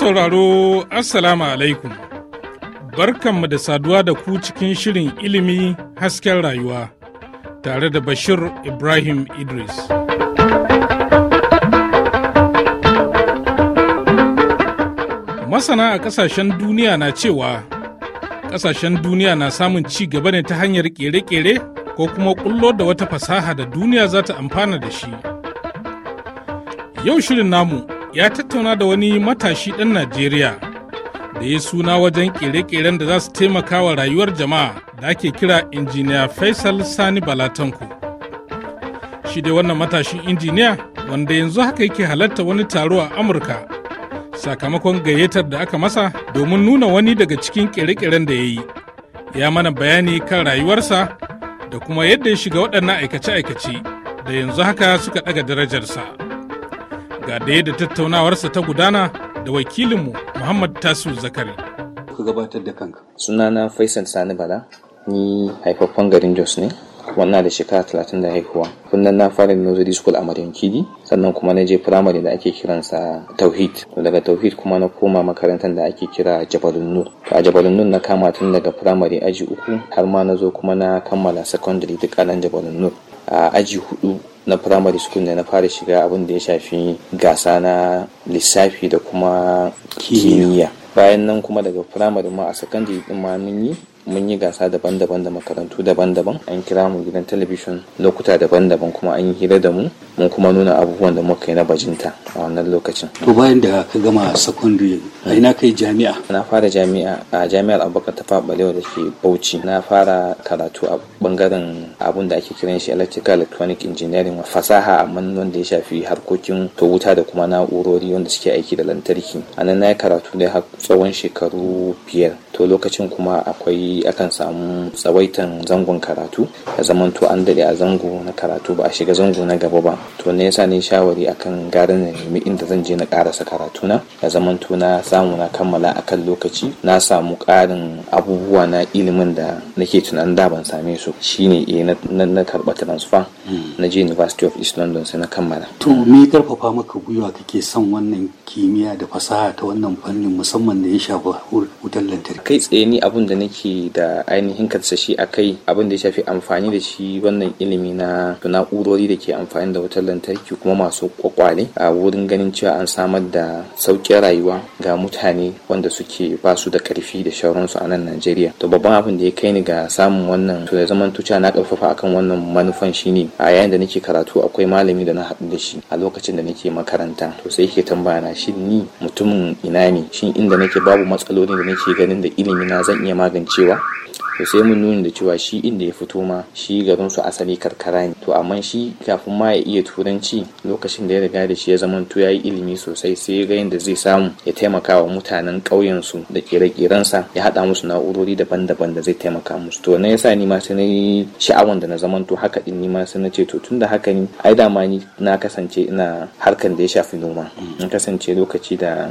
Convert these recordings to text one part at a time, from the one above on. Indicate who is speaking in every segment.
Speaker 1: sauraro Assalamu alaikum. Barkanmu da saduwa da ku cikin shirin ilimi hasken rayuwa tare da Bashir Ibrahim Idris. Masana a ƙasashen duniya na cewa ƙasashen duniya na samun ci gaba ne ta hanyar ƙere-ƙere ko kuma kullo da wata fasaha da duniya za ta amfana da shi. Yau shirin namu ya tattauna da wani matashi ɗan Najeriya da ya suna wajen ƙere-ƙeren da za su taimaka wa rayuwar jama'a da ake kira injiniya Faisal Sani Balatanku. Shi dai wannan matashin injiniya wanda yanzu haka yake halarta wani taro a Amurka sakamakon gayyatar da aka masa domin nuna wani daga cikin ƙere-ƙeren da ya yi. Ya mana bayani kan rayuwarsa da kuma yadda ya shiga waɗannan aikace-aikace da yanzu haka suka ɗaga darajarsa. Ga da yadda tattaunawarsa ta gudana da wakilinmu Muhammad Tasu Zakari. ku gabatar da kanka.
Speaker 2: Sunana Faisal Sani Bala, ni haifaffen garin Jos ne. wannan da shekara talatin da haihuwa kunnan na fara nursery school a Kidi. sannan kuma na je primary da ake kiransa tauhid daga tauhid kuma na koma makarantar da ake kira jabalun nur a jabalun nur na kama tun daga primary aji uku har ma na zo kuma na kammala secondary duk nan jabalun nur a aji hudu na primary school ne na fara shiga abin da ya shafi gasa na lissafi da kuma kimiyya bayan nan kuma daga primary ma a secondary din ma mun yi mun yi gasa daban-daban da makarantu daban-daban an kira mu gidan talabijin lokuta daban-daban kuma an yi hira da mu mun kuma nuna abubuwan da muka yi na bajinta a wannan lokacin to bayan da ka gama secondary a ina kai jami'a na fara jami'a a jami'ar abubakar ta balewa da ke bauchi na fara karatu a bangaren abun da ake kiran shi electrical electronic engineering fasaha amma wanda ya shafi harkokin to wuta da kuma na'urori wanda suke aiki da lantarki a nan na yi karatu da har tsawon shekaru biyar to lokacin kuma akwai akan samu tsawaitan zangon karatu ya zamanto an daɗe a zango na karatu ba a shiga zango na gaba ba to ne yasa ni shawari akan garin na nemi inda zan je na karasa karatuna ya zamanto na samu na kammala akan lokaci na samu ƙarin abubuwa na ilimin da nake tunanin da ban same su shine eh na karɓa transfer hmm. na je University of East London sai na kammala to
Speaker 1: me karfafa maka gwiwa kake son wannan kimiyya da fasaha ta wannan fannin musamman da ya shafa wutar lantarki kai tsaye ni
Speaker 2: abun da nake da ainihin shi a kai abin da ya shafi amfani da shi wannan ilimi na na'urori da ke amfani da wutar lantarki kuma masu kwakwale a wurin ganin cewa an samar da sauƙin rayuwa ga mutane wanda suke ba su da karfi da shauransu a nan Najeriya. To babban abin da ya kai ni ga samun wannan to da zaman tuca na ƙarfafa akan wannan manufan shine a yayin da nake karatu akwai malami da na haɗu da shi a lokacin da nake makaranta to sai yake tambaya na shin ni mutumin ina ne shin inda nake babu matsalolin da nake ganin da ilimi na zan iya magancewa Yeah. to sai mun nuna da cewa shi inda ya fito ma shi garin su asali karkara ne to amma shi kafin ma ya iya turanci lokacin da ya riga da shi ya zama to yayi ilimi sosai sai ga yadda zai samu ya taimaka wa mutanen ƙauyen su da kire sa ya haɗa musu na'urori daban-daban da zai taimaka musu to na yasa ni ma sai na yi sha'awan da na zaman to haka din ni ma sai na ce to tun da haka ni ai ma ni na kasance ina harkan da ya shafi noma na kasance lokaci da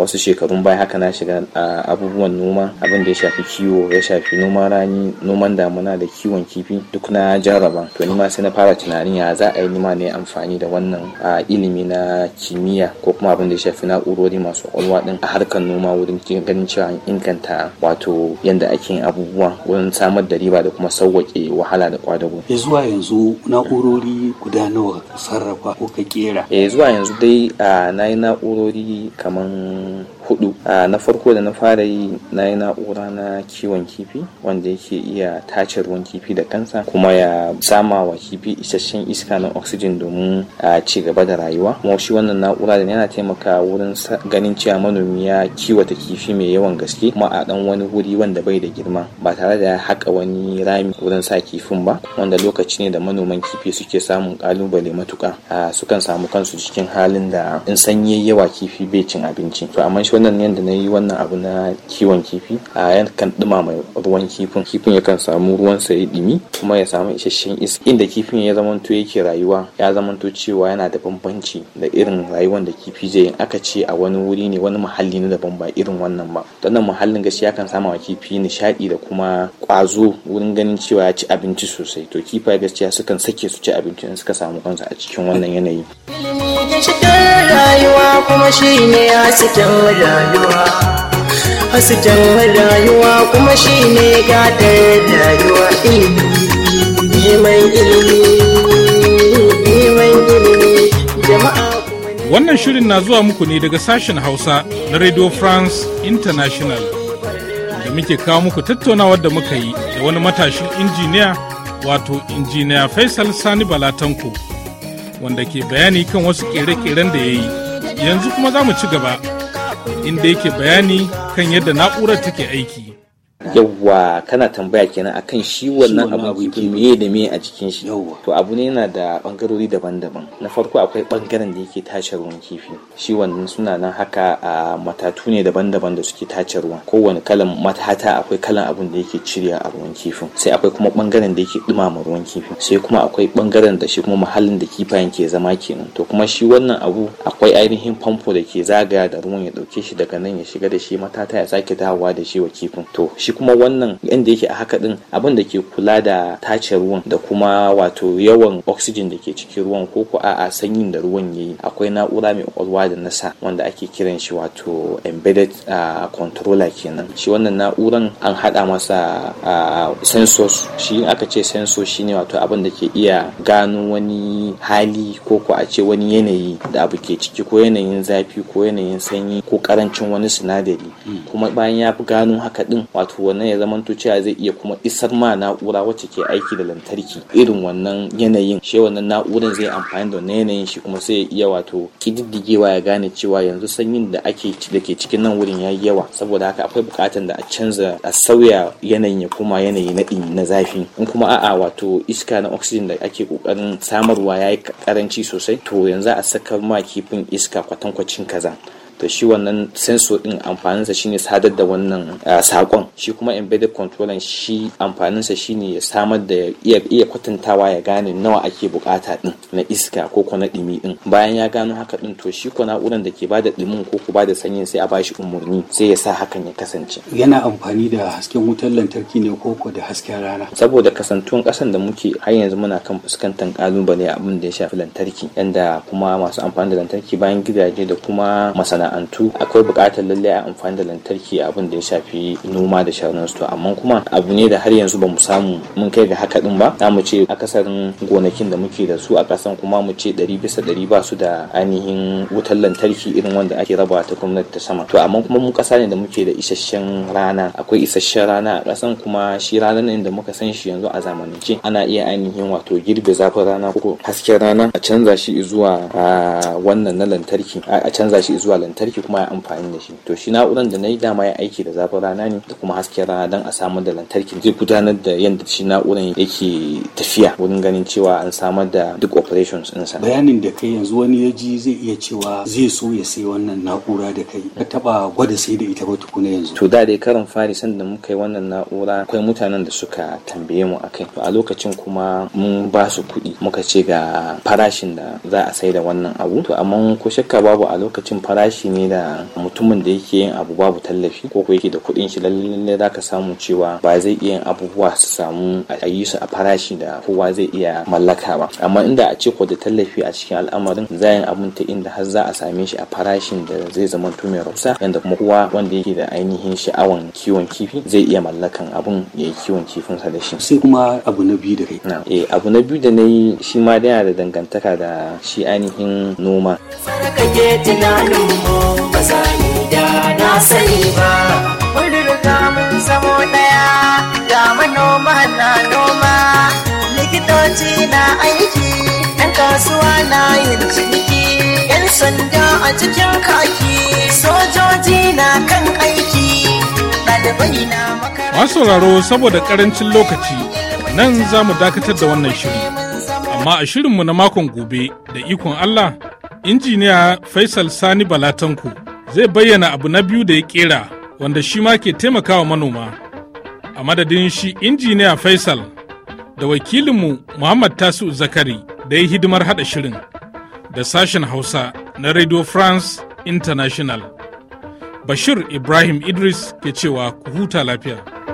Speaker 2: wasu shekarun baya haka na shiga abubuwan noma abin da ya shafi kiwo ya shafi noma noman rani noman damuna da kiwon kifi duk na jarraba to ni ma sai na fara tunanin ya za a yi nima ne amfani da wannan a ilimi na kimiyya ko kuma abin da ya shafi na'urori masu kwalwa din a harkar noma wurin ganin cewa an inganta wato yadda ake yin abubuwa wurin samar da riba da kuma sauwaƙe wahala da kwadago.
Speaker 1: ya eh, zuwa yanzu na'urori guda nawa sarrafa ko ka kera. ya eh, zuwa yanzu
Speaker 2: dai na yi na'urori kaman hudu ah, na farko da na fara yi na yi na'ura na kiwon kifi wanda yake iya tace ruwan kifi da kansa kuma ya sama wa kifi isasshen iska na oxygen domin a ci gaba da rayuwa kuma shi wannan na'ura da yana taimaka wurin ganin cewa manomi ya kiwata kifi mai yawan gaske kuma a dan wani wuri wanda bai da girma ba tare da haka wani rami wurin sa kifin ba wanda lokaci ne da manoman kifi suke samun kalubale matuka ah, sukan samu kansu cikin halin da in sanyi yawa kifi bai cin abinci to amma shi wannan yadda na yi wannan abu na kiwon kifi a yankan mai ruwan kifin kifin yakan samu ruwan sa ya dimi kuma ya samu isasshen iska inda kifin ya zamanto yake rayuwa ya zamanto cewa yana da bambanci da irin rayuwar da kifi zai aka ce a wani wuri ne wani muhalli na daban ba irin wannan ba nan muhallin gaskiya kan sama wa kifi nishadi da kuma kwazo wurin ganin cewa ya ci abinci sosai to kifaye gaskiya sukan sake su ci abinci in suka samu kansu a cikin wannan yanayi
Speaker 1: ilimi rayuwa
Speaker 2: kuma shi ne ya cikin rayuwa hasken rayuwa
Speaker 1: kuma shine gatar rayuwa ilimi neman ilimi Wannan shirin na zuwa muku ne daga sashen Hausa na Radio France International da muke kawo muku tattaunawar da muka yi da wani matashin injiniya wato injiniya Faisal Sani Balatanko wanda ke bayani kan wasu kere-keren da ya yi. Yanzu kuma za mu ci gaba. inda yake bayani kan yadda na'urar take aiki
Speaker 2: yawwa kana tambaya kenan akan shi wannan abun kifi meye da me a cikin shi to abu ne yana da bangarori daban-daban na farko akwai bangaren da yake tace ruwan kifi shi wannan suna nan haka a matatu ne daban-daban da suke tace ruwa kowane kalan matata akwai kalan abun da yake cirewa a ruwan kifin sai akwai kuma bangaren da yake dumama ruwan kifin sai kuma akwai bangaren da shi kuma muhallin da kifayen ke zama kenan to kuma shi wannan abu akwai ainihin famfo da ke zagaya da ruwan ya dauke shi daga nan ya shiga da shi matata ya sake dawowa da shi wa kifin to shi kuma wannan inda yake a haka din abin da ke kula da tace ruwan da kuma wato yawan oxygen da ke cikin ruwan ko ko a'a sanyin da ruwan ya yi, akwai na'ura mai kwakwalwa da nasa wanda ake kiran shi wato embedded controller kenan shi wannan na'uran an hada masa sensors shi aka ce sensor shine wato abin da ke iya gano wani hali ko ko a ce wani yanayi da abu ke ciki ko yanayin zafi ko yanayin sanyi ko karancin wani sinadari hmm. kuma bayan ya fi gano haka din wato to wannan ya zamanto cewa zai iya kuma isar ma na'ura wacce ke aiki da lantarki irin wannan yanayin shi wannan na'urar zai amfani da wannan yanayin shi kuma sai ya iya wato kididdigewa ya gane cewa yanzu sanyin da ake da ke cikin nan wurin ya yi yawa saboda haka akwai bukatan da a canza a sauya yanayin ya kuma yanayi na na zafi in kuma a'a wato iska na oxygen da ake kokarin samarwa ya yi karanci sosai to yanzu a saka ma kifin iska kwatankwacin kaza to shi wannan sensor din sa shine sadar da wannan ah, sakon shi kuma embedded controller shi amfanin sa shine ya samar da iya kwatantawa ya gane nawa ake bukata din na iska ko ko na dimi din bayan ya gano haka din to shi ko na'uran da ke bada dimin ko ko bada sanyi sai a bashi umurni sai ya sa hakan ya kasance yana amfani
Speaker 1: da hasken wutar lantarki ne ko ko da hasken rana
Speaker 2: saboda kasantuwan kasan da muke har yanzu muna kan fuskantar kalubale abin da ya shafi lantarki yanda kuma masu amfani da lantarki bayan gidaje da kuma masana masana'antu akwai buƙatar lallai a amfani da lantarki abin da ya shafi noma da shauransu to amma kuma abu ne da har yanzu ba mu samu mun kai ga haka din ba za mu ce akasarin gonakin da muke da su a kasan kuma mu ce ɗari bisa ɗari ba su da ainihin wutar lantarki irin wanda ake raba ta gwamnati ta sama to amma kuma mu ƙasa ne da muke da isasshen rana akwai isasshen rana a kasan kuma shi ranar da muka san shi yanzu a zamanance ana iya ainihin wato girbe zafin rana ko hasken rana a canza shi zuwa wannan na lantarki a canza shi zuwa lantarki lantarki kuma ya amfani da shi to shi na'uran da na yi dama ya aiki da zafin rana ne da kuma hasken rana don a samar da lantarki zai gudanar da yadda shi na'uran yake tafiya wurin ganin cewa an samar da duk operations sa bayanin
Speaker 1: da kai yanzu wani ya ji zai iya cewa zai so ya sai wannan na'ura da kai ka taba gwada sai da ita ba tukuna yanzu to da dai karin fari san da muka yi
Speaker 2: wannan na'ura akwai mutanen da suka tambaye mu akai a lokacin kuma mun ba su kuɗi muka ce ga farashin da za a sai da wannan abu to amma ko shakka babu a lokacin farashi ne da mutumin da yake yin abu babu tallafi ko ko yake da kuɗin shi lalle ka samu cewa ba zai iya yin abubuwa su samu a yi su a farashi da kowa zai iya mallaka ba amma inda a ce ko da tallafi a cikin al'amarin za yin abun ta inda har za a same shi a farashin da zai zama mai rufsa yanda kuma kowa wanda yake da ainihin sha'awan kiwon kifi zai iya mallakan abun ya yi kiwon kifinsa da shi sai kuma abu na biyu da kai eh abu na biyu da na yi shi ma yana da dangantaka da shi ainihin noma.
Speaker 1: so ni da na sani ba mun riga mun zamo daya ga manoma na noma likitoci na aiki yan kasuwa na yin ciniki yan sanda a cikin
Speaker 2: kaki sojoji na kan aiki ɗalibai na
Speaker 1: makaranta sauraro saboda ƙarancin lokaci nan za mu dakatar da wannan shiri amma a shirinmu na makon gobe da ikon Allah injiniya faisal sani balatanku zai bayyana abu na biyu da ya kera wanda shi ma ke taimakawa manoma a madadin shi injiniya faisal da wakilinmu muhammad tasu zakari da ya hidimar hada shirin da sashen hausa na radio france international bashir ibrahim idris ke cewa ku huta lafiya